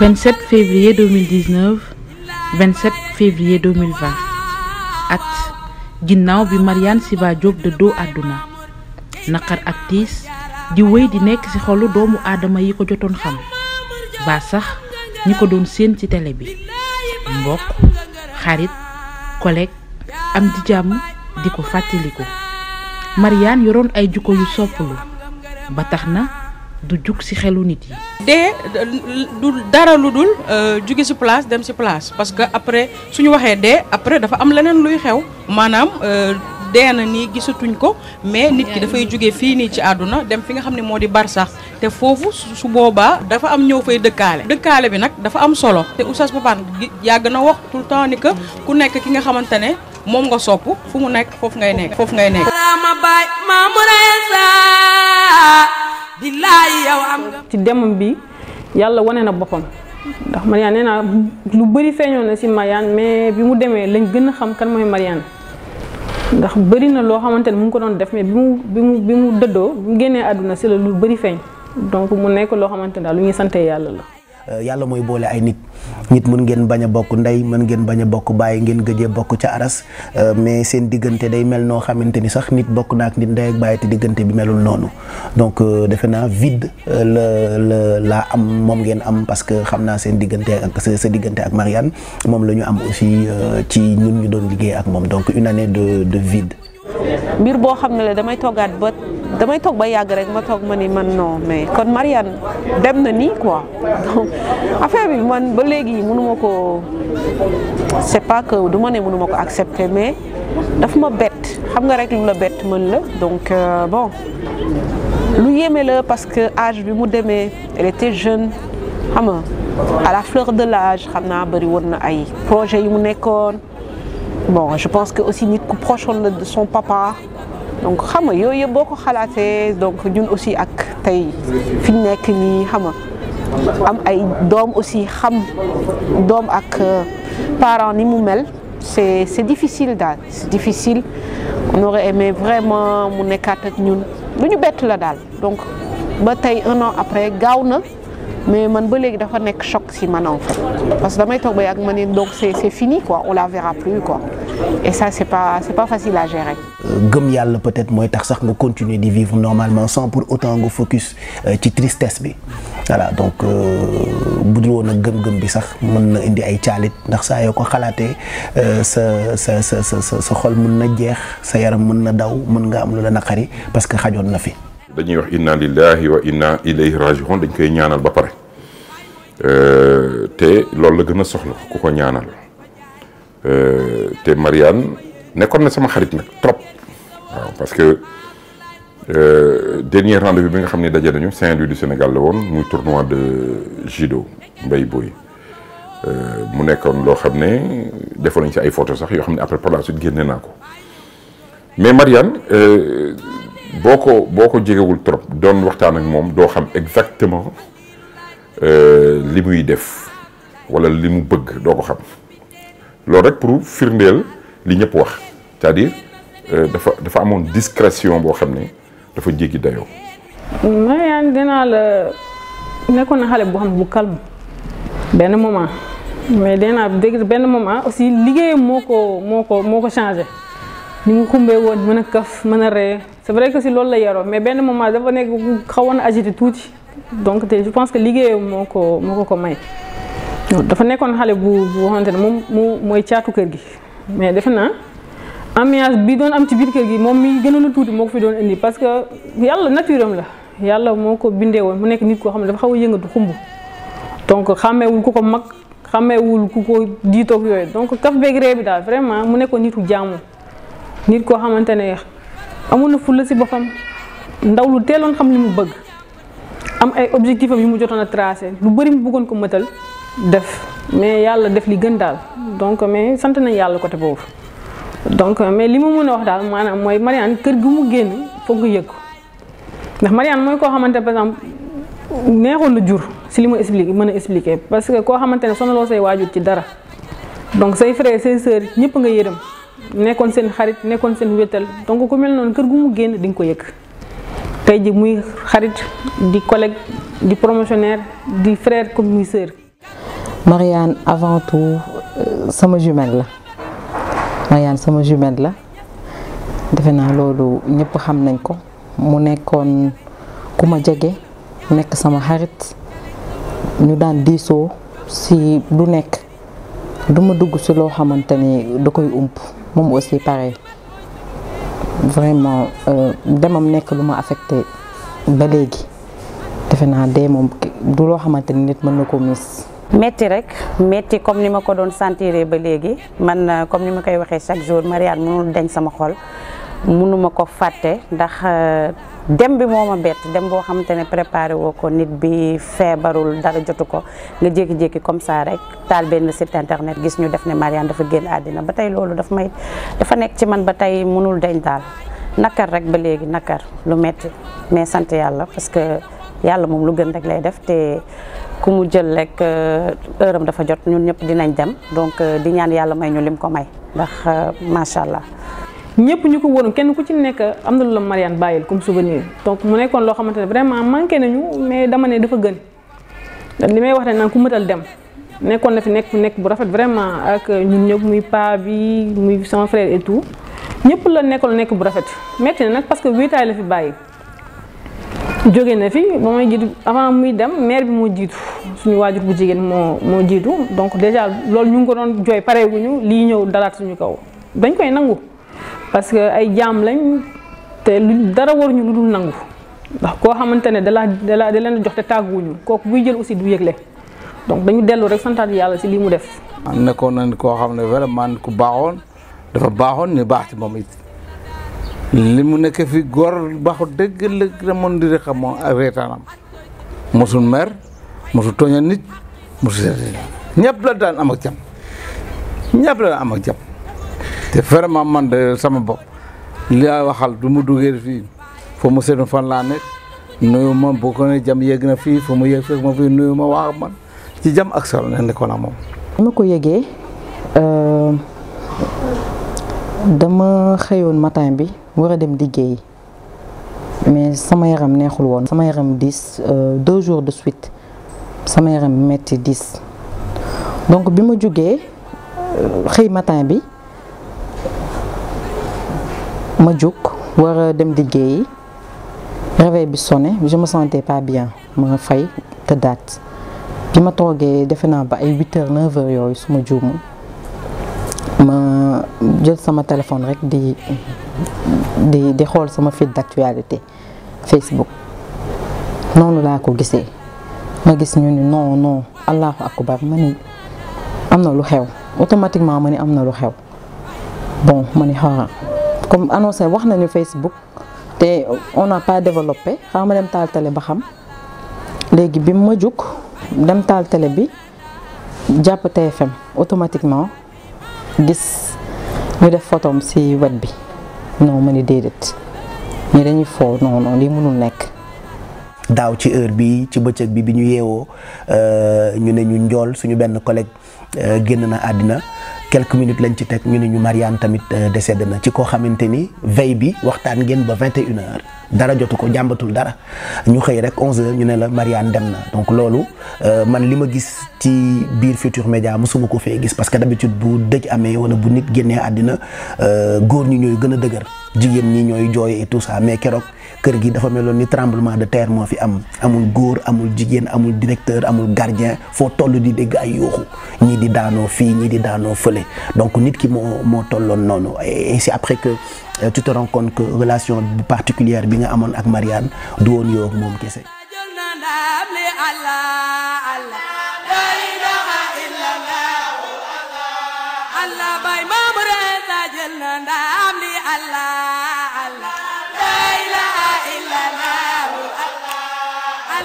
27 février 2019 27 février 2020 at ginnaaw bi Marianne Siva Diop dëddoo àdduna naqar ak tiis di wéy di nekk ci xolu doomu aadama yi ko jotoon xam baa sax ñi ko doon séen ci tele bi mbokk xarit collègue am di jàmm di ko fàttaliku Marianne yoroon ay jukko yu soppalu ba tax na du juk ci xelu nit yi. te du dara lu euh jugé ci place dem ci place parce que après suñu waxé dé après dafa am leneen luy xew maanaam euh, dee na ni gisatuñ ko mais nit ki fay jugé fi ni ci aduna dem fi nga xamni modi di bar sax te fofu su boba dafa am ñow fay dëkkaale. dëkkaale bi nak dafa am solo te oustaz papa ya gëna wax tout temps ni que ku nekk ki nga xamante mom nga sopp fu mu nekk fofu ngay nekk fofu ngay nekk. am ci demam bi yàlla wane na boppam ndax Mariane nee naa lu bëri feeñoon na si Mariane mais bi mu demee lañ gën a xam kan mooy Mariane ndax bari na loo xamante ne mu ko doon def mais bi mu bi mu bi mu dëddoo bi mu génnee àdduna si la lu bëri feeñ donc mu nekk loo xamante ne daal lu ñuy santee yàlla la. Eh, yalla moy bolé ay nit nit mën ngeen baña bokku nday mën ngeen baña bokku bokk ngeen gëjee bokku ci aras eh, mais seen digënté day mel no xamanteni sax nit bokku nak nit nday ak bàyyi ti digënté bi melul nonu donc eh, defe naa vide le la am mom ngeen am parce que xamna seen digënté ak sa digënté ak Marianne mom lañu am aussi ci ñun ñu doon liggéey ak mom donc une année de de vide mbir bo xamné la damay togaat ba damay tok ba yag rek ma tok mani man non mais kon Marianne dem na ni quoi donc affaire bi man ba léegi mënu ma ko c'est pas que du ma ne mënu ko accepter mais daf ma bett xam nga rek lu la bett mën la donc euh, bon lu yémé le parce que âge bi mu démé elle était jeune xam nga à la fleur de l'âge xam na bari woon na ay projet yu mu nekkoon bon je pense que aussi nit ku proche de son papa donc xama nga boko yëpp donc ñun aussi ak tay fi nek nekk xama am ay dom aussi xam dom ak euh, parents ni mu mel c'est c'est difficile daal c'est difficile on aurait aimé vraiment mu nekkat ak ñun lu ñu la dal donc ba tay un an après gawna mais man ba légui dafa nek choc si man en fait parce que damay toog ba yàgg ma donc c'est c'est fini quoi on la verra plus quoi et ça c'est pas c'est pas facile à gérer gëm peut-être tax sax nga continuer à vivre normalement sans pour autant nga focus euh, ci tristesse voilà donc euh, bu dul woon gëm-gëm bi sax mën na indi ay tialit ndax euh, sa que ko sa sa sa sa xol mën na jeex sa yaram mën na daw mën nga am lu la naqari parce que xajoon na fi. dañuy wax inna lillahi wa inna ilayhi rajiun dañ koy ñaanal ba euh té loolu la gëna soxla ku ko ñaanal té Marianne nekkoon na sama xarit nag trop waaw parce que euh, dernier rendez-vous bi nga xam ne daje nañu Saint-Louis du Sénégal la woon muy tournoi de judo mbay booy euh, mu nekkoon loo xam ne defoon nañ ci ay photos sax yoo xam ne après par la suite génne naa ko mais Marianne euh, boo ko boo ko jegewul trop doon waxtaan ak moom doo xam exactement li muy def wala li mu bëgg doo ko xam loolu rek pour firndeel li ñëpp wax c'est-à-dire euh, dafa dafa mon discrétion boo xam ne dafa jéggi dayoo. mais dinaa la nekkoon na xale boo xam ne bu calme benn moment mais dinaa dégg benn moment aussi liggéeyam moko moko moko changer ni mu xumbee woon mën a kaf mën c'est vrai que si loolu la yaro mais benn moment dafa nekk xawoon na agité donc je pense que liggéeyam moko moko moo ko ko may. dafa nekkoon xale bu bu xamante ne moom mu mooy caatu gi. mais defe naa ambiance bi doon am ci biir kër gi moom mi gënoon a tuuti moo ko fi doon indi parce que yàlla nature am la yàlla moo ko bindee woon mu nekk nit koo xam ne dafa xaw a yëngatu xumb donc xàmmeewul ku ko mag xàmmeewul ku ko diitoog yooyu donc kaf bi daal vraiment mu nekkoon nitu jaamu nit koo xamante ne amoon na fulla si boppam ndaw lu teeloon xam li mu bëgg am ay objectif am yu mu jotoon a tracé lu bëri mu buggoon ko mëtal def mais yàlla def li gën daal donc mais sant nañ yàlla côté boobu. donc mais li ma mën a wax daal maanaam mooy Marianne kër gi mu génn foog nga yëg ndax Marianne mooy koo xamante par exemple neexoon na jur si li ma expliqué mën a expliqué parce que koo xamante ne sonaloo say waajur ci dara donc say frères say sœurs ñëpp nga yërëm nekkoon seen xarit nekkoon seen wétal donc ku mel noonu kër gu mu génn di nga ko yëg tey ji muy xarit di collègue di promotionnaire di frère comme muy sœur Marianne avant tout euh, sama jumelle la Marianne sama jumelle la defe naa loolu ñëpp xam nañ ko mu nekkoon ku ma jege nekk sama xarit ñu daan diisoo si du nekk duma dugg si loo xamante ni da koy ump moom aussi pare vraiment euh, demam nekk lu ma affecté ba léegi defe naa dee moom du loo xamante ni nit mën na ko miis. metti rek metti comme ni ma ko doon sentiré ba léegi man euh, comme ni ma koy waxee chaque jour Marianne mënul dañ sama xol munuma ko fàtte ndax euh, dem bi moo ma bett dem boo xamante ne préparé woo ko nit bi feebarul dara jotu ko nga jékki-jékki comme ça rek taal benn sit internet gis ñu def ne Marianne dafa génn àddina ba tey loolu dafa may dafa nekk ci man ba tey mënul dañ daal nakar rek ba léegi nakar lu metti mais sant yàlla parce que yàlla moom lu gën rek lay def te ku mu jël rek euh, heure dafa jot ñun ñëpp dinañ dem donc euh, di ñaan yàlla may ñu lim ko may ndax euh, macha allah. ñëpp ñu ko wóoroon kenn ku ci nekk am na lu la Marianne bàyyil comme souvenir donc mu nekkoon loo xamante ne vraiment manqué nañu mais dama ne dafa gën li may wax ne naan ku mëtal dem nekkoon na fi nekk nekk bu rafet vraiment ak ñun ñëpp muy paa bi muy sama frère et tout la nekkoon nekk bu rafet metti na nag parce que la fi bàyyi. jóge na fi ba may jiitu avant muy dem maire bi moo jiitu suñu waajur bu jigéen moo moo jiitu donc déjà loolu ñu ngi ko doon jooy pareeguñu lii ñëw dalaat suñu kaw dañ koy nangu parce que ay jaam lañ te lu dara waruñu lu dul nangu ndax koo xamante ne da la da leen jox te tàgguwuñu kooku buy jël aussi du yëgle donc dañu dellu rek santaat yàlla si lii mu def. am nekkoon nañ koo xam ne vraiment ku baaxoon dafa baaxoon ñu baax ci moom it. li mu nekk fi góor baaxu dëgg la demoon di rek moom ak reetaanam mosul mer mosul tooña nit mosul seet ñëpp la daan am ak jàmm ñëpp la daan am ak jàmm te vraiment man de sama bopp li a waxal du mu duggee fii foo mu seetlu ma ko ne jàmm yegg na fii foo mu yegg fekk ma fii nuyu ma wax man ci jam ak solo ne nekkoon ak moom. dama ko yëgee euh, dama xëyoon matin bi. wara dem liggéey mais sama yaram neexul woon sama yaram euh, deux jours de suite sama yaram metti 10 donc bi ma jugee euh, xëy matin bi ma jug war a dem liggéeyi réveil bi sonné je me sentais pas bien ma fay te daat bi ma toogee defe naa ba ay 8h 9h yooyu su ma juumu ma jël sama téléphone rek di des di xool sama d'actualité Facebook ne ko ma gis ñu non non allahu akbar ma Nous lu automatiquement amna lu xew bon ma ah. comme annoncé Facebook on n'a pas développé xam dem tal télé ba xam légui bi ma dem TFM automatiquement gis ñu def photom ci web bi non ma ni déedéet ñi dañuy foo non non lii mënul nekk. daaw ci heure bi ci bëccëg bi bi ñu yeewoo euh, ñu ne ñu njool suñu benn collègue euh, génn na àddina. quelques minutes lañ ci teg ñu ne ñu Marianne tamit euh, décédé na ci koo xamante ni veille bi waxtaan ngeen ba 21 heures dara jotu ko jàmbatul dara ñu xëy rek 11 heures ñu ne la Marianne dem na donc loolu euh, man li ma gis ci biir Futurs Médias mosuma ko fee gis parce que d'habitude bu dëj amee wala bu nit génnee àddina euh, góor ñi ñooy gën a dëgër. jigéen ñi ñooy jooy et tout ça mais keroog kër gi dafa meloon ni tremblement de terre moo fi am amul góor amul jigéen amul directeur amul gardien foo toll di dégg ay yooxu ñii di daanoo fii ñii di daanoo fële donc nit ki moo moo tolloon noonu et c'est après que euh, tu te rends que relation particulière bi nga amoon ak Marianne du woon yow ak moom kese.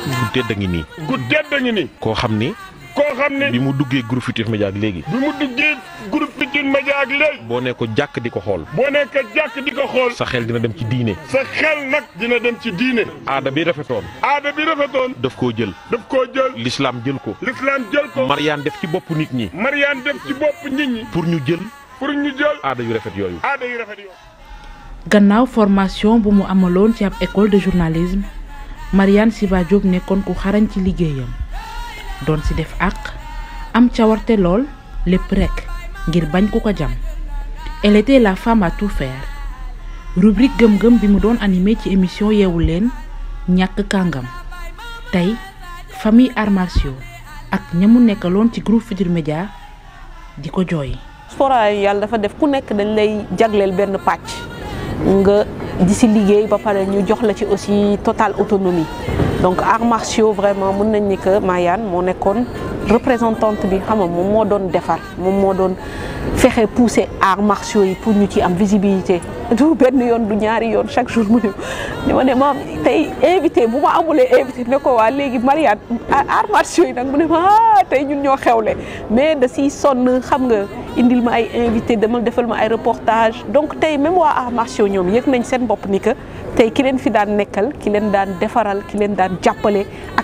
ku tedd a ngi nii. ku ko xamni ko xamni bi mu duggé groupe Futurs Médias ak légui bi mu duggé groupe Futurs Médias ak légui bo ne ko jak diko ko bo boo ne ko jàkk di ko sa xel dina dem ci diiné sa xel nak dina dem ci diiné aada bi rafetone aada bi rafetone daf ko jël. daf ko jël. l'islam jël ko. l'islam jël ko. Marian def ci bop nit ñi. Marianne def ci bop nit ñi. pour ñu jël. pour ñu jël. aada yu rafet yoyu aada yu rafet yoyu gannaaw formation bu mu amaloon ci ab école de journalisme. Mariane Siva Diop nekkoon ku xarañ ci liggéeyam doon si def àq am cawarte lool lépp rekk ngir bañ ku ko jam elle la femme à tout rubrique gëm-gëm bi mu doon animé ci émission yeewu leen ñàkk kàngam tey famille arts martiaux ak ñamu nekkaloon ci groupe Futurs Médias di ko jooy sport yàlla dafa def ku nekk dañ lay jagleel benn pàcc nga di si liggéey ba pare ñu jox la ci aussi totale autonomie donc arts martiaux vraiment mën nañ ni que Mayane représentante bi xam nga mo moo doon défar mo mo doon fexé pousser art martiaux yi pour ñu ci am visibilité du benn yoon du ñaari yoon chaque jour mu ne ma ne ma tey invité bu ma amulee invité ne ko waa léegi Marianne arts martiaux yi nak mu ne ma ah, tay ñun ño xewlé mais da siy sonn xam nga indil ma ay invité demal defal ma ay reportage donc tay même wa art martiaux ñom yek nañ seen bop ni que tay ki leen fi daan nekkal ki leen daan défaral ki leen daan jàppale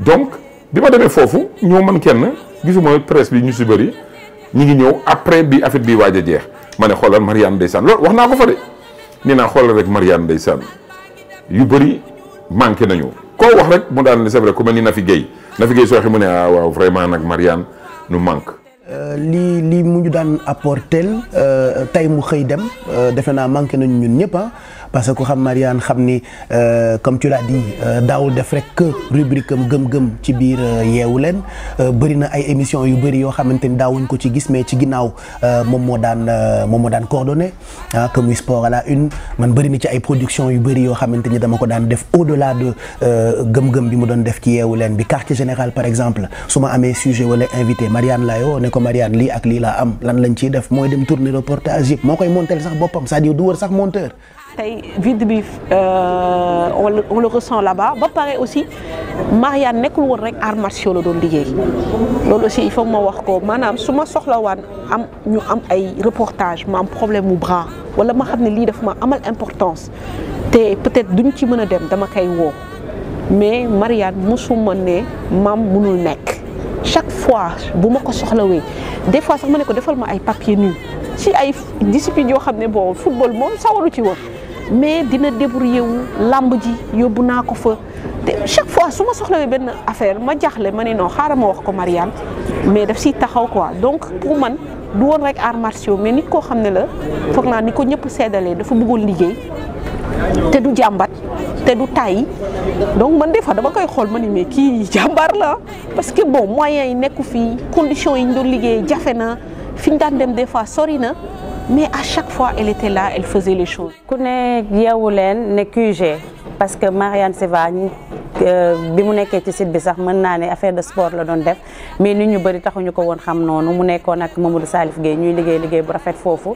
donc bi ma demee foofu ñoo man kenn gisuma presse bi ñu si bëri ñu ngi ñëw après bi affaire bi waaj a jeex ma ne xoolal Marianne ndeysaan loolu wax naa ko fa de nee naa xoolal rek Marianne ndeysaan yu bëri manké nañu ko wax rek mu daal ne c'est vrai ku mel ni Nafi Guèye Nafi Guèye soo waxee mu ne ah waaw vraiment nak Marianne nous manque euh, li li mu ñu daan euh tay mu xey dem euh, defe naa manké nañu ñun ñëpp ah parce que ku xam Marianne xam ni euh, comme tu l'as dit euh, daawul def rek que rubrique am gëm-gëm ci biir euh, yeewu leen bëri na ay émissions yu bëri yoo xamante ni daawuñ ko ci gis mais ci ginnaaw moom moo daan moom daan coordonné ah comme sport à une man bëri na ci ay production yu bëri yoo xamante ni dama ko daan def au delà de gëm-gëm bi mu doon def ci yeewu leen bi quartier général par exemple su ma amee sujet wala invité Marianne laayoo ne ko Marianne lii ak lii laa am lan lañ ciy def mooy dem tourner reportage yëpp moo koy monter sax boppam c'est-à-dire du wër sax monteur tey vide bi euh, on le ressent là-bas ba pareil aussi Marianne nekkul woon rek arts martiaux la don liggéey Donc aussi il faut ma wax ko maanaam su la one, am ñu am ay reportage mais un problème au bras wala ma xam ne lii daf ma amal importance te peut-être duñ ci mën a dem dama koy woo mais Marianne sommes nés, mam munul nek. chaque fois bu ma ko soxlawee des fois sax ma ne ko defal ma ay papier nu Si ay discipline yoo xam ne bon football moom sawaru ci woon mais dina débrouillé wu làmb ji yóbbu naa ko fa te chaque fois su ma soxlawee benn affaire ma jaxle ma ne non xaaral ma wax ko Marianne mais daf si taxaw ko quoi donc pour man du woon rek arts martiaux mais nit koo xam ne la foog naa ni ko ñëpp seddalee dafa buggoon liggéey te du jàmbat te du tàyyi donc man des fois dama koy xool ma ni mais kii jàmbaar la parce que bon moyen yi nekku fii conditions yi ñu doon liggéey jafe na fi ñu daan dem des fois sori na. mais à chaque fois elle était là elle faisait les choses Je ne yeewu ne parce que Marianne Seva Euh, bi mu nekkee ci site bi sax mën naa ne affaire de sport la doon def mais nit ñu bëri taxuñu ko woon xam noonu mu nekkoon ak Mamadou Salif Gueye ñuy liggéey liggéey bu rafet foofu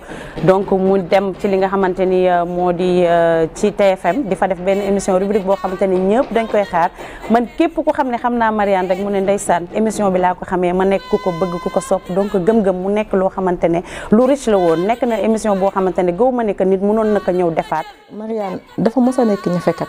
donc mu dem ci li nga xamante ni euh, moo di euh, ci TFM di fa def benn émission rubrique boo xamante ni ñëpp dañ koy xaar man képp ku xam ne xam naa Marianne rek mu ne ndeysaan émission bi laa ko xamee ma nekk ku ko bëgg ku ko sopp donc gëm-gëm mu nekk loo xamante ne lu riche la woon nekk na émission boo xamante ne gëw ma ne que nit mënoon na ko ñëw defaat Marianne dafa mos a nekk ñafekat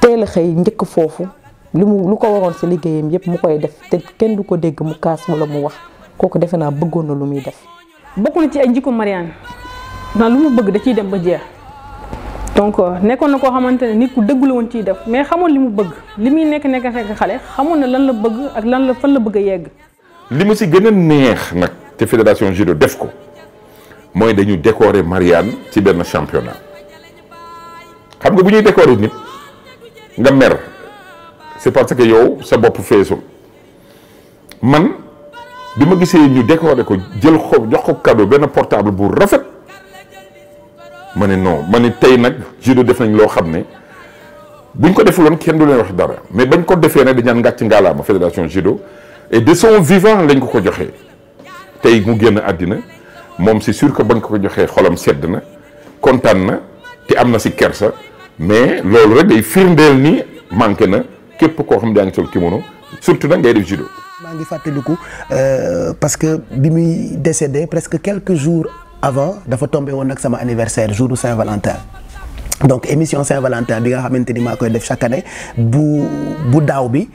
teel a xëy njëkk foofu li mu lu ko waroon si liggéeyam yëpp mu koy def te kenn du ko dégg mu kaas wala mu wax kooku defe naa bëggoon na lu muy def. bokk na ci ay njikko Mariane na lu mu bëgg da ciy dem ba jeex donc euh, nekkoon na koo xamante ne nit ku dëggu woon ciy def mais xamoon li mu bëgg li muy nekk nekk nekk xale xamoon na lan la bëgg ak lan la fan la bëgg a yegg. li mu si gën a neex nag te fédération judo def ko mooy dañu décorer Mariane ci benn championnat xam nga bu ñuy décorer nit. nga mer c'est parce que yow sa bop feesul man bima gisé ñu décorer ko jël ko jox ko cadeau ben portable bu rafet mané non ma tay nak nag judo def nañ loo xam buñ ko defuloon kenn du leen wax dara mais bañ ko defé defee nag dañaan ngala ngaalaama fédération judo et de son vivant lañ ko ko joxé tay mu génn adina mom c'est sûr que bañ ko ko joxé xolam sedd na kontaan na ti amna ci kersa mais loolu rek day firndel ni manqué na képp koo xam ne yaa ngi sol kimono surtout nak ngay def judo. maa ngi euh parce que bi muy décédé presque quelques jours avant dafa tomber won nag sama anniversaire jour Saint-Valentin. donc émission Saint-Valentin bi nga xamante ni koy def chaque année bu bu daw bi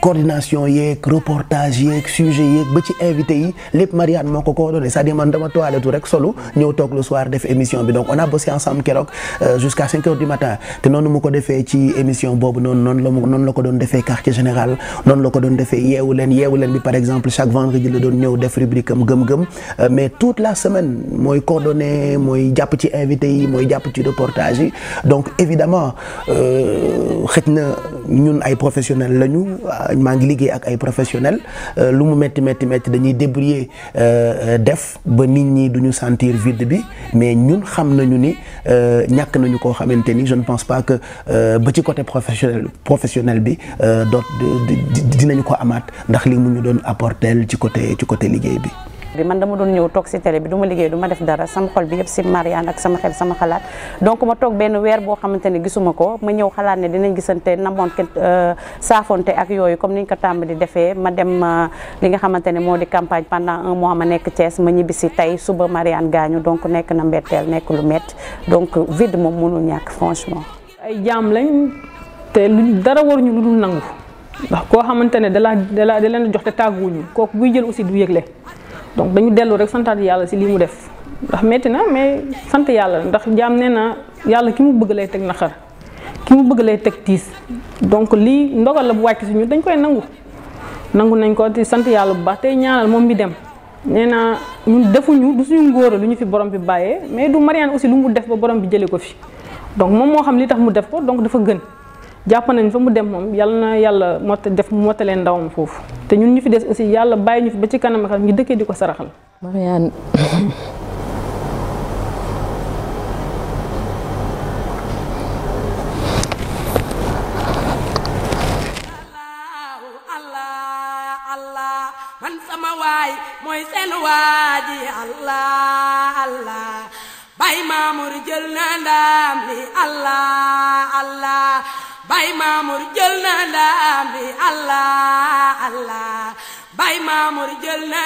coordination yek reportage yek sujet yek ba ci invité yi lépp Marianne moko ko donné c'est-à-dire man dama toilettu rek solo ñëw tok le soir def émission bi donc on a bossé ensemble kérok euh, jusqu'à 5 h du matin té nonu mu ko défé ci émission bobu Non non la la ko défé quartier général Nous la ko doon défé yeewu leen bi par exemple chaque vendredi le doon ñëw def rubrique am gëm euh, mais toute la semaine moy coordonné moy japp ci invité yi moy un ci reportage yi donc évidemment euh na ñun ay professionnels lañu maa ngi liggéey ak ay professionnels euh, lu mu metti metti metti dañuy débrouiller euh, euh, def ba nit ñi duñu sentir vide bi mais ñun xam nañu ni ñàkk nañu koo xamante ni je ne pense pas que ba ci côté professionnel professionnel bi doot dinañu ko amaat ndax li mu ñu doon apporter ci côté ci côté liggéey bi. bi man dama doon ñew tok si télé bi duma liggéey duma ma def dara sama xol bi yëpp si Marianne ak sama xel sama xalaat donc ma tok ben weer bo xamanteni gisuma ko ma ñew xalaat ne dinañ gisante ke euh, safonté ak yoyu comme niñ ko tàmm di defee ma dem euh, li nga xamanteni modi di campagne pendant un mois ma nekk Thiès ma ñibbi si tey suba Marianne gañu donc nekk na mbetteel nekk lu met donc vide mom mënu ñak franchement ay jam lañ té lu dara waruñu lu nangu ndax koo da la da la jox te taguñu ko buy jël aussi du yeglé donc dañu delu rek santat yalla ci li mu def ndax metti na mais sante yalla ndax jam neena yalla ki mu bëgg lay tek naxar ki mu bëgg lay tek donc li ndogal la bu wacc ci dañ koy nangu nangu nañ ko ci sante yalla bu baax tay ñaanal mom bi dem neena ñun defuñu du suñu ngoro lu ñu fi borom bi baye mais du mariane aussi lu mu def ba borom bi jëlé ko fi donc mom mo xam li tax mu def ko donc dafa gën japp nañ fa mu dem mom yalla na yalla mot def motale ndawum fofu te ñun ñu fi dess aussi yalla bay ñu fi ba ci kanam xam ñu dekké diko saraxal mariane allah bay Mamour jël na ndam bi allah allah bay Mamour jël na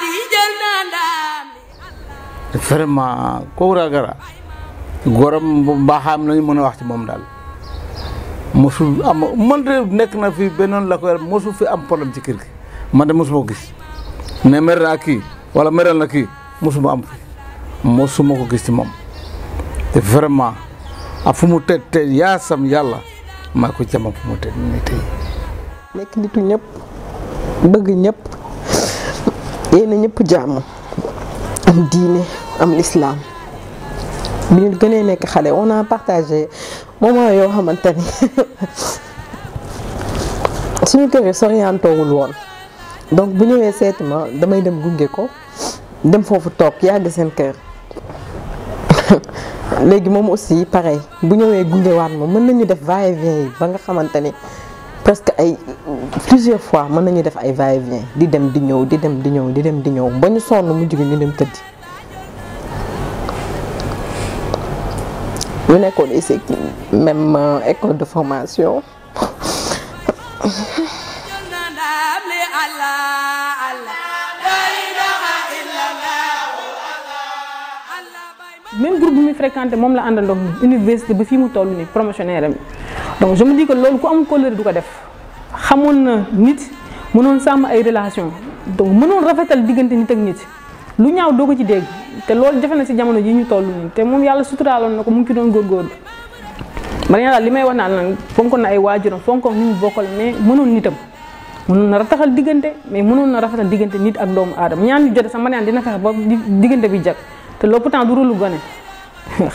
jël na ndam bi vraiment Kubra Gara gorom bu baaxaam lañu mën a wax ci moom daal mosul am nekk na fi bennoon la ko mosul fi am problème ci kër gi man de mosuma ko gis ne mer naa kii wala meral na kii mosuma am fi mosuma ko gis ci moom te vraiment a fu mu tëdd tey yaasam yàlla maa ko jama fu mu tëdd nii nitu ñëpp bëgg ñëpp na ñëpp jàmm am diine am islam bi ñu gënee nekk xale on a partagé moment yoo xamante ni suñu kër yi soriyantoowul woon donc bu ñëwee seet ma damay dem gunge ko dem foofu toog yàgg seen kër léegi moom aussi pareil bu ñëwee gungewaat ma mën nañu def va yi ba nga xamante ni presque ay plusieurs fois mën nañu def ay va et di dem di ñëw di dem di ñëw di dem di ñëw ba ñu sonn mujj gi ñu dem tëdd. ñu nekkoon ici même euh, école de formation. même groupe bi muy moom la àndandoo université ba fii mu toll nii promotionnaire am donc je me dis que loolu ku am ko def xamoon na nit mënoon sàmm ay relation donc mënoon rafetal diggante nit ak nit lu ñaaw doo ko ci dégg te loolu jafe na si jamono ji ñu toll nii te moom yàlla suturaaloon na ko mu ngi ci doon góorgóorlu Mariana daal li may wax naan nag fonkoon ay waajuram fonkoon ni mu bokkal mais mënoon nitam mënoon na rataxal diggante mais mënoon na rafetal diggante nit ak doomu aadama ñaan yu jote sax Mariana dina fexe ba diggante bi jag te loolu pourtant du rôle gone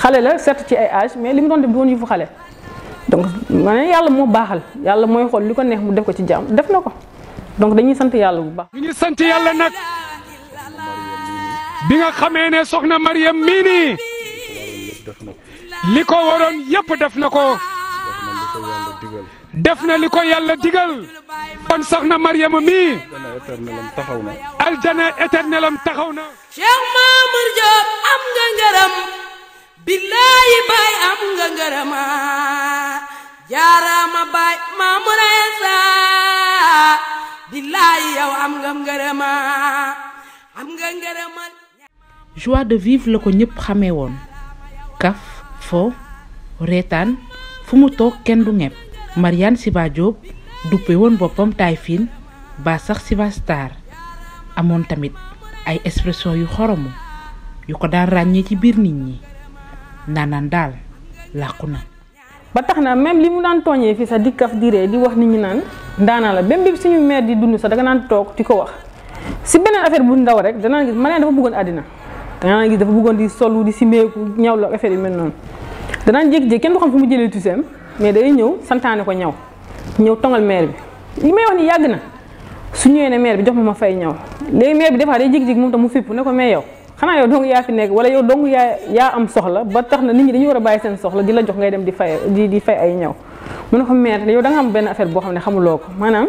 xale la certes ci ay âge mais li mu doon def du woon yëfu donc ma ne yàlla moo baaxal yàlla mooy xool li ko neex mu def ko ci jàmm def na ko donc dañuy sant yàlla bu baax. ñu ngi sant yàlla nag bi nga xamee ne soxna Mariam mii nii li ko waroon yëpp def na ko. def na li ko yàlla digal kon soxna Mariama mii aljana éternel taxaw na Cheikh Mamour Diop am nga ngërëm billaahi baay am nga ngërëma jaaraama baay Mamour Insa billaahi yow am nga ngërëma am nga ngërëma joie de vivre la ko ñëpp xamee woon kaf fo reetaan fu mu toog kenn du ñepp Marian Siba Diop duppe woon Taifin, Typhine ba sax Siba Star tamit ay expression yu xoromu yu ko daan ràññee ci bir nit ñi naanaan dal la na ba taxna même limu mu daan tooñee fii sax di kaf di wax nit ñi naan daana la même bi suñu mère di dund sa da nga naan toog di ko wax ci benen affaire bu ndaw rek danaa gis mané dafa adina da danaa gis dafa bëggon di solo di ku ñaw la affaire yi mel da danaan jékki-jékki kenn du xam fu mu jëlé tousem mais day ñëw santaane ko ñaw ñëw tongal maire bi li may wax ni yàgg na su ñëwee ne maire bi jox ma ma fay ñaw léegi maire bi des fois jig-jig moom tam mu fipp ne ko mais yow xanaa yow dong yaa fi nekk wala yow dong yaa yaa am soxla ba tax na nit ñi dañu war a bàyyi seen soxla di la jox ngay dem di fay di di fay ay ñaw mu ne ko maire yow da nga am benn affaire boo xam ne xamuloo ko maanaam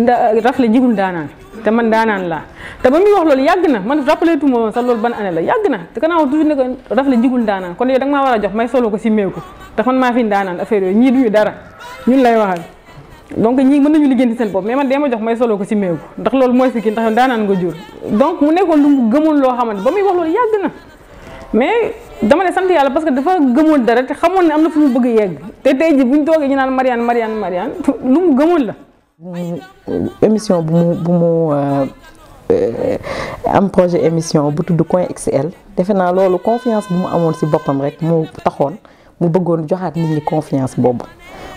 nda raf la jigul daanaan te man daanaan laa te ba muy wax loolu yàgg na man rappelé tu ma sa lool ban année la yàgg na te kanaaw toujours ne ko raf la jigul daanaan kon war a jox may solo ko si meeku te man maa fi daanaan affaire yooyu ñii duñu dara ñun lay waxal donc ñii mën nañu liggéeyanti seen bopp mais man dee ma jox may solo ko si meeku ndax loolu mooy si kii ndax yow daanaan nga jur donc mu nekkoon lu mu gëmoon loo xamante ba muy wax loolu yàgg na mais dama ne sant yàlla parce que dafa gëmoon dara te xamoon ne am na fu mu bëgg yegg te tey ji buñ toogee ñu naan Mariane Mariane Mariane lu mu gëmoon la émission bu mu bu euh, euh, am projet émission bu tudd Coin XL defe naa loolu confiance bu mu amoon ci boppam rek mu taxoon mu bëggoon joxaat nit ñi confiance boobu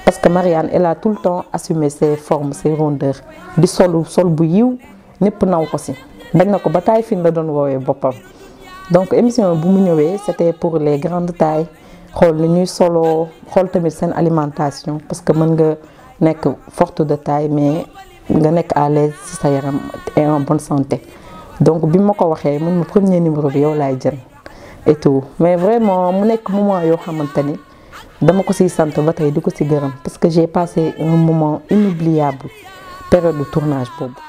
parce que Marianne elle a tout le temps assumé ses formes ses rondeurs di solu sol bu yiw ñëpp naw ko ci dañ na ko ba fin la doon woowee boppam donc émission bu mu ñëwee c'était pour les grandes tailles xool lu ñuy soloo xool tamit seen alimentation parce que mën nga suis forte de taille mais nga suis à l'aise et en bonne santé donc je suis ko premier numéro bi yow et tout mais vraiment mon nek moment yo xamante dama ko suis sante ba tey faire parce que j'ai passé un moment inoubliable période de tournage bob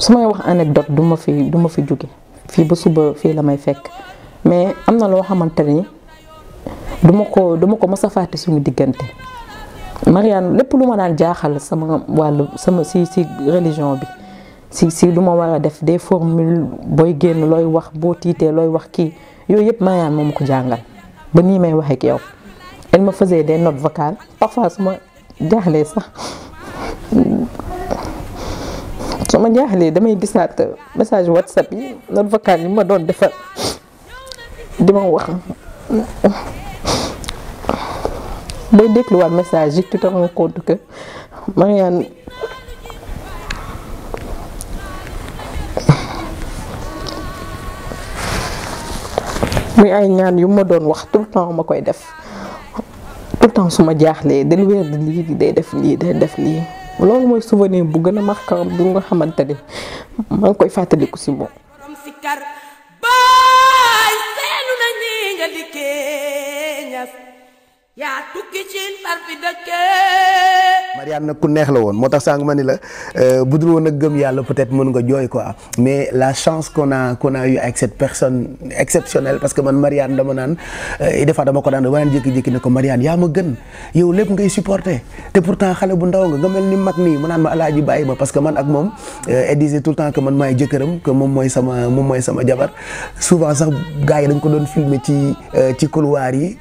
su may wax anecdote du ma fi duma fi jóge fii ba suba fii la may fekk mais am na loo xamante ni duma ko duma ko mës a fàtte suñu diggante Marianne lépp lu ma daan jaaxal sama wàll sama si si religion bi si si lu ma war a def des formules booy génn looy wax boo tiitee looy wax kii yooyu yëpp Marianne moom ko jàngal ba nii may wax ak yow elle me faisait des notes vocales parfois su ma jaaxlee sax su ma jaaxlee damay gisaat message whatsapp yi note vocal yi ma doon defar di ma wax booy dégluwaat message yi tu te rends compte que Marianne muy ay ñaan yu ma doon wax tout le temps ma koy def tout temps su ma jaaxlee del weer di lii day def lii day def lii loolu mooy souvenir bu gën a marquant bu nga xamante ni maa ngi koy fàttaliku si moom. yaa tukki ci far fi dëkkee Marianne ku neex la won motax sang sànq ma ni la euh, bu dul woon a gëm peut-être mën nga joy quoi mais la chance qu'on a qu'on a eu avec cette personne exceptionnelle parce que man Marianne dama naan euh, des fois dama ko dan wanaan jékki-jékki ne ko Marianne ya ma gën yow lepp ngay supporter te pourtant xale bu ndaw nga nga mel ni mag nii mu naan ma alaaji baye ma parce que man ak euh elle disait tout le temps que man may jëkkëram que mom moy sama mom moy sama jabar souvent sax gaay dañ ko doon filmer ci euh, ci couloir yi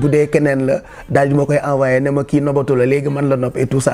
bu dee keneen la daal di ma koy envoyé ne ma kii nobatu la légui man la nopp et tout ça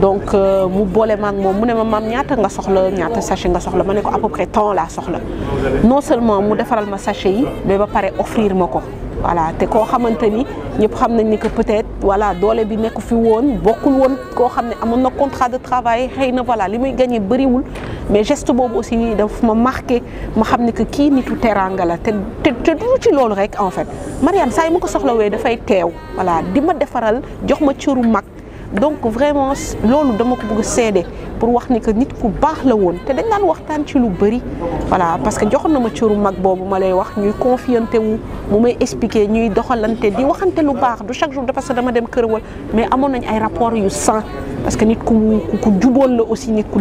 donc euh, mu bolé mak mom mu né ma mam ñaata nga soxla ñaata sachet nga soxla mané ko à peu près temps la soxla non seulement mu défaral ma sachet yi mais ba paré offrir mako voilà té ko xamanteni ni xamnañ ni que peut-être voilà doole bi nekk fi woon bokul woon ko xamné ne na contrat de travail xëy voilà limuy gagner bari wul mais geste bobu aussi daf ma marqué ma xamné que ki nitu teraanga la té té du ci loolu rek en fait Mariam saa yi soxla wé da fay téw voilà di ma defaral jox ma ciuru mak donc vraiment c'est dama ko bëgg pour wax que nit ku la dañ voilà parce que joxon na ma mag ma lay wax ñuy confianté wu mu may ñuy di lu chaque jour de dire dem kër mais nañ ay rapport yu parce que nit ku ku aussi nit ku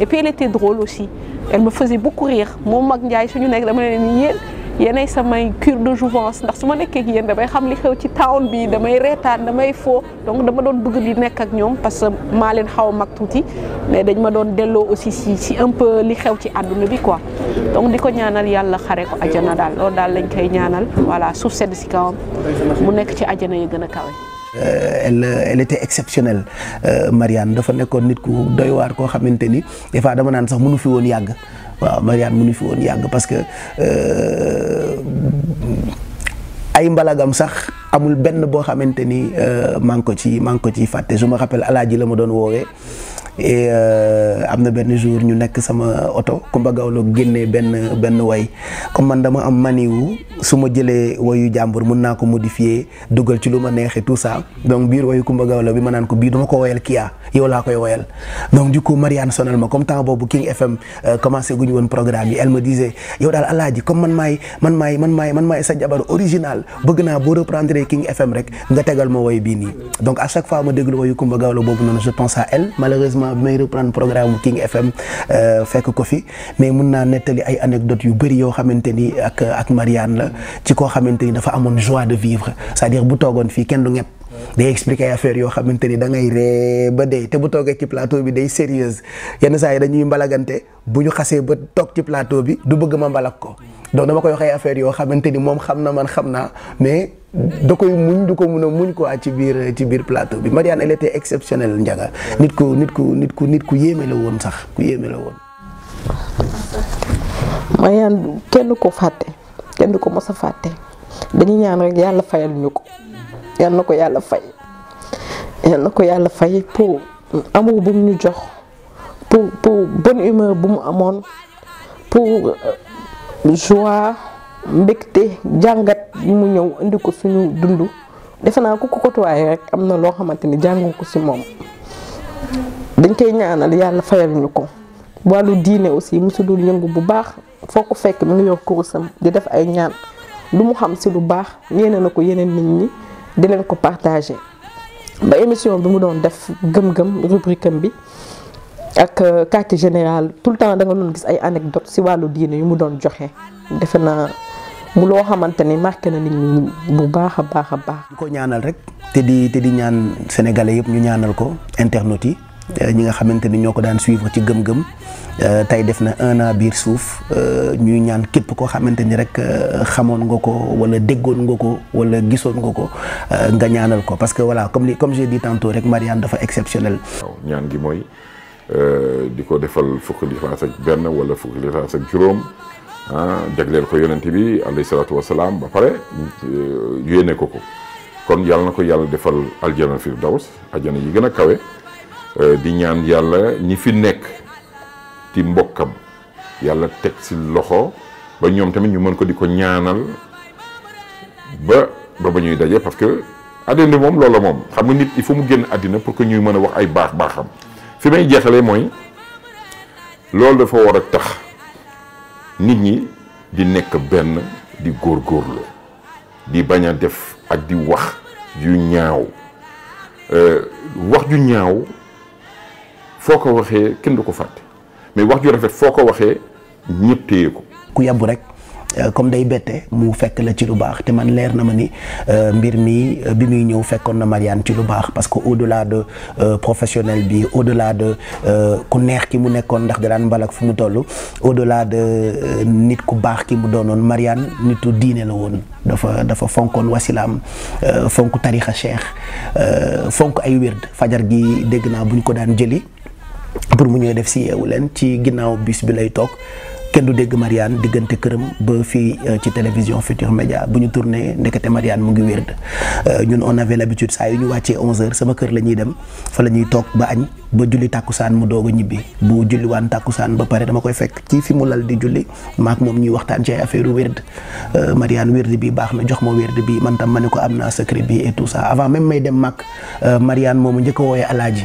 et puis elle était drôle aussi elle me faisait beaucoup rire mon mag suñu dama leen yéenay samay cure de jouvence ndax su ma nekkee ak yéen damay xam li xew ci town bi damay reetaan damay foo donc dama doon bëgg di nekk ak ñoom parce que maa leen xaw a mag tuuti mais dañ ma doon delloo aussi si si un peu li xew ci àdduna bi quoi di ko ñaanal yàlla xare ko ajana daal loolu daal lañ koy ñaanal voilà suuf sedd si kawam mu nekk ci ajana yi gën a kawe Euh, elle elle était exceptionnelle euh, dafa nekkoon nit ku doy waar koo xamante ni des fois dama naan sax mënu fi woon yàgg waaw Marianne mënu fi woon yàgg parce que euh, ay mbalagam sax amul benn boo xamante ni euh, maa ngi ko ci maa ngi ko ciy fàtte je me rappelle alaaji la ma doon woowee et euh, am na jour ñu nek sama auto Kumba Gawlo génnee ben ben way comme man dama am maniwu su ma wayu jambour mën naa ko modifier dugal ci luma nexé tout ça donc biir wayu bi ko bi dama ko wayal Kia yow la koy wayal donc du coup Marianne sonal ma comme temps King FM euh, commencé guñu won programme yi elle me disait yow comme man may man may man man sa jabar original bëgg na bo reprendre King FM rek nga tégal ma way donc à chaque fois ma dégg wayu Gawlo je pense à elle malheureusement également bi may reprendre programme King FM euh, fekk ko fi mais mun na netali ay anecdotes yu bari yo xamanteni ak ak Marianne la ci ko xamanteni dafa amone joie de vivre c'est-à-dire bu togon fi kenn du ñëpp. day expliquer affaire yo xamanteni da ngay ré ba dé té bu togué ci plateau bi day sérieuse yenn saa dañuy mbalaganté buñu xassé ba tok ci plateau bi du bëgg ma mbalak ko donc dama koy waxé affaire yo xamanteni mom xamna man xamna mais. da koy muñ du ko mun a muñ ko ci biir ci biir plateau bi Marianne elle était exceptionnelle Ndiaga nit ku nit ku nit ku nit la woon sax ku yéeme la woon. Marianne kenn ko fàtte kenn ko mos a fàtte dañuy ñaan rek yàlla fay ñu ko ko yàlla fay yal ko yàlla fay pour amour bu ñu jox pour pour bonne humeur bu mu amoon pour euh, joie. mbégte jàngat yi mu ñëw indi ko suñu dund defe naa ku ko côtoyé rek am na loo xamante ni jàngu ko si moom dañ koy ñaanal yàlla fayal ñu ko wàllu diine aussi mosulul yëngu bu baax foo ko fekk mu ngi yor kurusam di def ay ñaan lu mu xam si lu baax yéene na ko yeneen nit ñi di leen ko partagé ba émission bi mu doon def gëm-gëm rubrique am bi ak euh, quartier général tout le temps da nga doon gis ay anecdote si wàllu diine yu mu doon joxe defe naa mu loo xamante ni marqué na nit ñi bu baax a baax a baax. di ko ñaanal rek te di te di ñaan sénégalais yëpp ñu ñaanal ko internautes yi euh, ñi nga xamante ni ñoo ko daan suivre ci gëm-gëm euh, tey def na un an biir suuf euh, ñu ñaan képp koo xamante ni rek xamoon nga ko wala déggoon nga ko wala gisoon nga ko nga ñaanal ko parce que voilà comme li comme j'ai dit rek Marianne dafa exceptionnel waaw ñaan gi mooy di ko defal fukki différence ak benn wala fukki différence ak juróom. ah jagleel ko yonent bi alayhi salaatu wasalaam ba pare euh, yéene ko ko kon yàlla na ko yàlla defal aljana firdaws ajana yi gën a kawe euh, di ñaan yàlla ñi fi nekk ci mbokkam yàlla teg si loxo ba ñoom tamit ñu mën ko di ko ñaanal ba ba ba ñuy daje parce que àddina moom loola moom xam nga nit il faut mu génn àddina pour que ñuy mën a wax ay baax baaxam fi may jeexalee mooy loolu dafa war a tax nit ñi di nekk benn di góor góorgóorlu di bañ a def ak di wax yu ñaaw euh, wax yu ñaaw foo ko waxee kenn du ko fatte mais wax ju rafet foo ko waxee ñëpp téye ko ku yàbb rekk Euh, comme day bette mu fekk la ci lu baax te man leer na ma ni euh, mbir mi euh, bi muy ñëw fekkoon na Marianne ci lu baax parce que au delà de professionnel bi au delà de ku neex ki mu nekkoon ndax da daan mbalak fu mu toll au delà de nit ku baax ki mu doonoon Marianne nitu diine la woon dafa dafa fonkoon wasilaam fonk a cheikh fonk ay wér fajar gi dégg naa bu ñu ko daan jëli pour mu ñëw def si yeewu leen ci ginnaaw bis bi lay toog kenn du dégg Marianne diggante këram ba fii euh, ci télévision Futur Média bu ñu tourné ndekete Marianne mu ngi wérd euh, ñun on avait l'habitude saa yu ñu wàccee 11h sama kër la ñuy dem fa la ñuy toog ba añ ba julli tàkkusaan mu doog a ñibbi bu julliwaan tàkkusaan ba pare dama koy fekk ci fi mu lal di julli maak moom ñuy waxtaan ci ay affaire wérd euh, Marianne wérd bi baax na jox ma wérd bi man tam ma ne ko am na secret bi et tout ça avant même may dem mag Marianne moomu njëkk a wooyee alaaji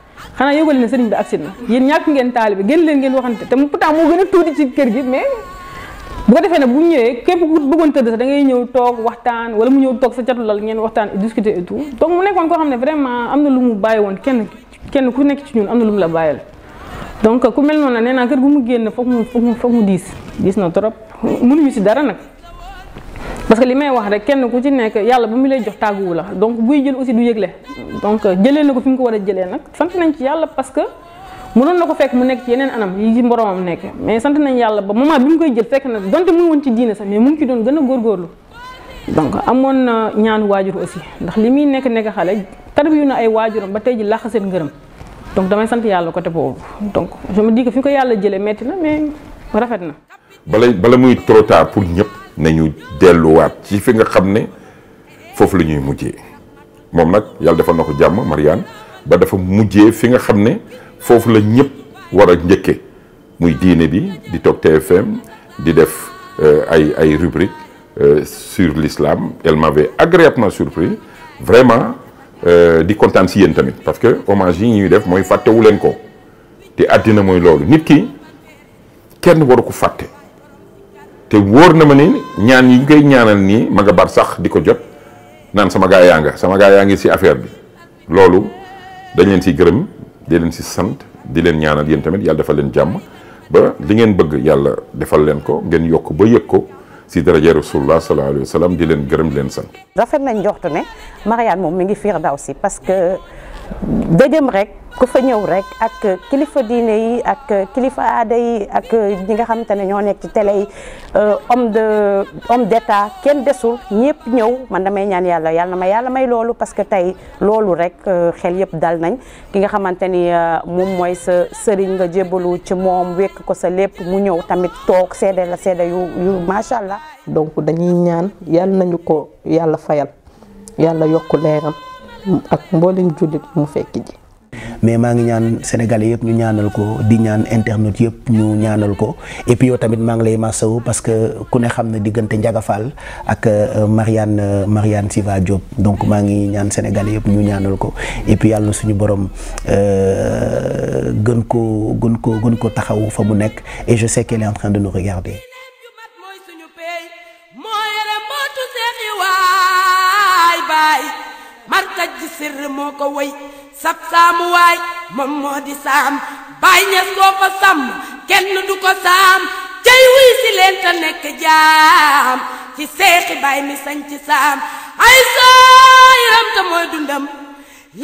xanaa yëgal ne sëriñ bi agsi na yéen ñàkk ngeen taalibe génn leen ngeen waxante te pourtant moo gën a tuuti ci kër gi mais bu ko defee nag bu ñëwee képp ku bëggoon tëdd sax da ngay ñëw toog waxtaan wala mu ñëw toog sa catu lal ngeen waxtaan discuter et tout donc nekkoon koo xam ne vraiment am na lu mu bàyyi woon kenn kenn ku nekk ci ñun am na lu mu la bàyyil donc ku mel noonu la nee naa kër gu mu génn foog mu foog mu foog mu diis diis na trop mënuñu si dara nag parce que li may wax rek kenn ku ci nekk yàlla ba mu lay jox tàgguwu la donc buy jël aussi du yëgle donc jëlee na ko fi mu ko war a jëlee nag sant nañ ci yàlla parce que mënoon na ko fekk mu nekk ndax li muy nekk nekk xale tarbiyu na ay waajuram ba tey ji làq seen ngërëm donc damay sant yàlla côté boobu donc je me dis que fi ko yàlla jëlee metti na mais rafet na. bala muy trop pour ñëpp. nañu delluwaat ci fi nga la ñuy mujjee Marianne ba dafa mujjee fi nga bi TFM di def euh, ay rubrique euh, sur l'islam elle m'avait agréablement surpris vraiment euh, di kontaan si tamit parce que hommage ñuy def mooy wu leen ko te nit ki kenn ko te wóor na ma ni ñaan yi ngay ñaanal ni ma nga bar sax diko jot naan sama gaay ya nga sama gaay ya ngi ci affaire bi lolu dañ leen ci gërëm di leen ci sante di leen ñaanal yeen tamit yalla defal leen jamm ba li ngeen bëgg yalla defal leen ko ngeen yok ba yek ko si daraja rasulullah sallallahu alaihi wasallam di leen gërëm di leen sante rafet nañ joxtu ne Mariane mom mi ngi fiir daw ci parce que dëjëm rek. ko fa ñëw rek ak kilifa diine yi ak kilifa aada yi ak ñi nga xamante ne ñoo nekk ci télé yi euh, homme de homme d'état kenn desul ñëpp ñëw man damay ñaan yàlla yàlla ma yàlla may loolu parce que tey loolu rek euh, xel yëpp dal nañ ki nga xamante ni euh, moom mooy sa sëriñ nga jébalu ci moom wekk ko sa lépp mu ñëw tamit toog seede la seede yu yu macha allah. donc dañuy ñaan yàlla nañu ko yàlla fayal yàlla yokk leeram ak mboolem jullit mu fekk ji. mais maa ngi ñaan sénégalais yëpp ñu ñaanal ko di ñaan internet yëpp ñu ñaanal ko et yow tamit maa ngi lay masawu parce que ku ne xam ne diggante Ndiaga Fall ak euh, Marianne euh, Marianne Siva Diop donc maa ngi ñaan sénégalais yëpp ñu ñaanal ko et yàlla suñu borom euh, gën ko gën ko gën ko taxaw fa mu nekk et je sais qu'elle est en train de nous regarder markaj ji sirr moo ko woy sab saamu waay moom moo di saam bàyyi ña soo ko sàmm kenn du ko saam cay wuy si leen te nekk jaam ci seexi baay mi sañ ci saam ay soo yaram mooy dundam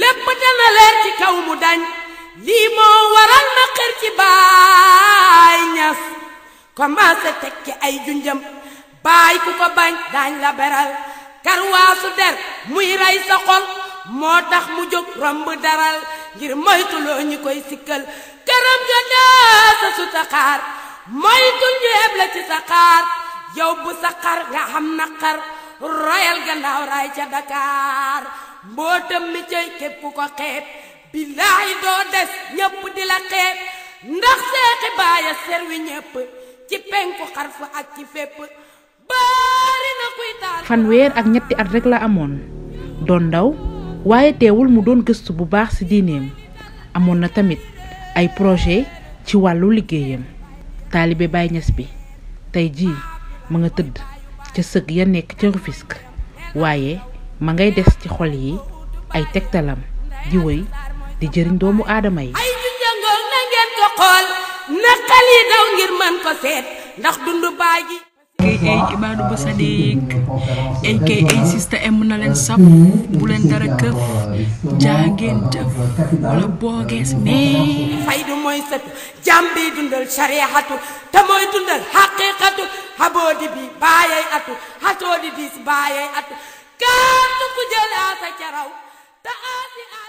lépp dana leer ci kaw mu dañ lii moo waral ma xër ci baay ñas commencé tekki ay junjam baay ku ko bañ daañ la beral karwaasu der muy rey sa xol moo tax mu jóg romb daral ngir moytuloo ñi koy sikkal këram ja daa sa su saxaar moytu ñeeb la ci saxaar yow bu saxaar nga xam naqar royal gannaaw ca Dakar mbootam mi cay képp ku ko xeeb billaahi doo des ñépp di la xeeb ndax seexi baaya serwi ñépp ci penku xarfu ak ci fépp baari na kuy taal fanweer ak ñetti at rek la amoon doon ndaw waaye teewul mu doon gëstu bu baax ci diineem amoon na tamit ay projet ci wàllu liggéeyam taalibe Baay Ñas bi tey jii ma nga tëdd ca sëg ya nekk ca rufisk waaye ma ngay des ci xol yi ay tegtalam di wëy di jëriñ doomu aadama yi ay ju jëngool na ngeen ko xool na yi daw ngir man ko seet ndax dundu baay ji aka Ibadu ba Sadiq aka Sister M na leen sab bu leen dara këf jaangeen jëf wala boogees mais faydu mooy sëtu jàm dundal sariyatu te mooy dundal xaqiqatu xaboodi bi baayay atu xasoodi diis baayay atu kaatu ku jël asa ca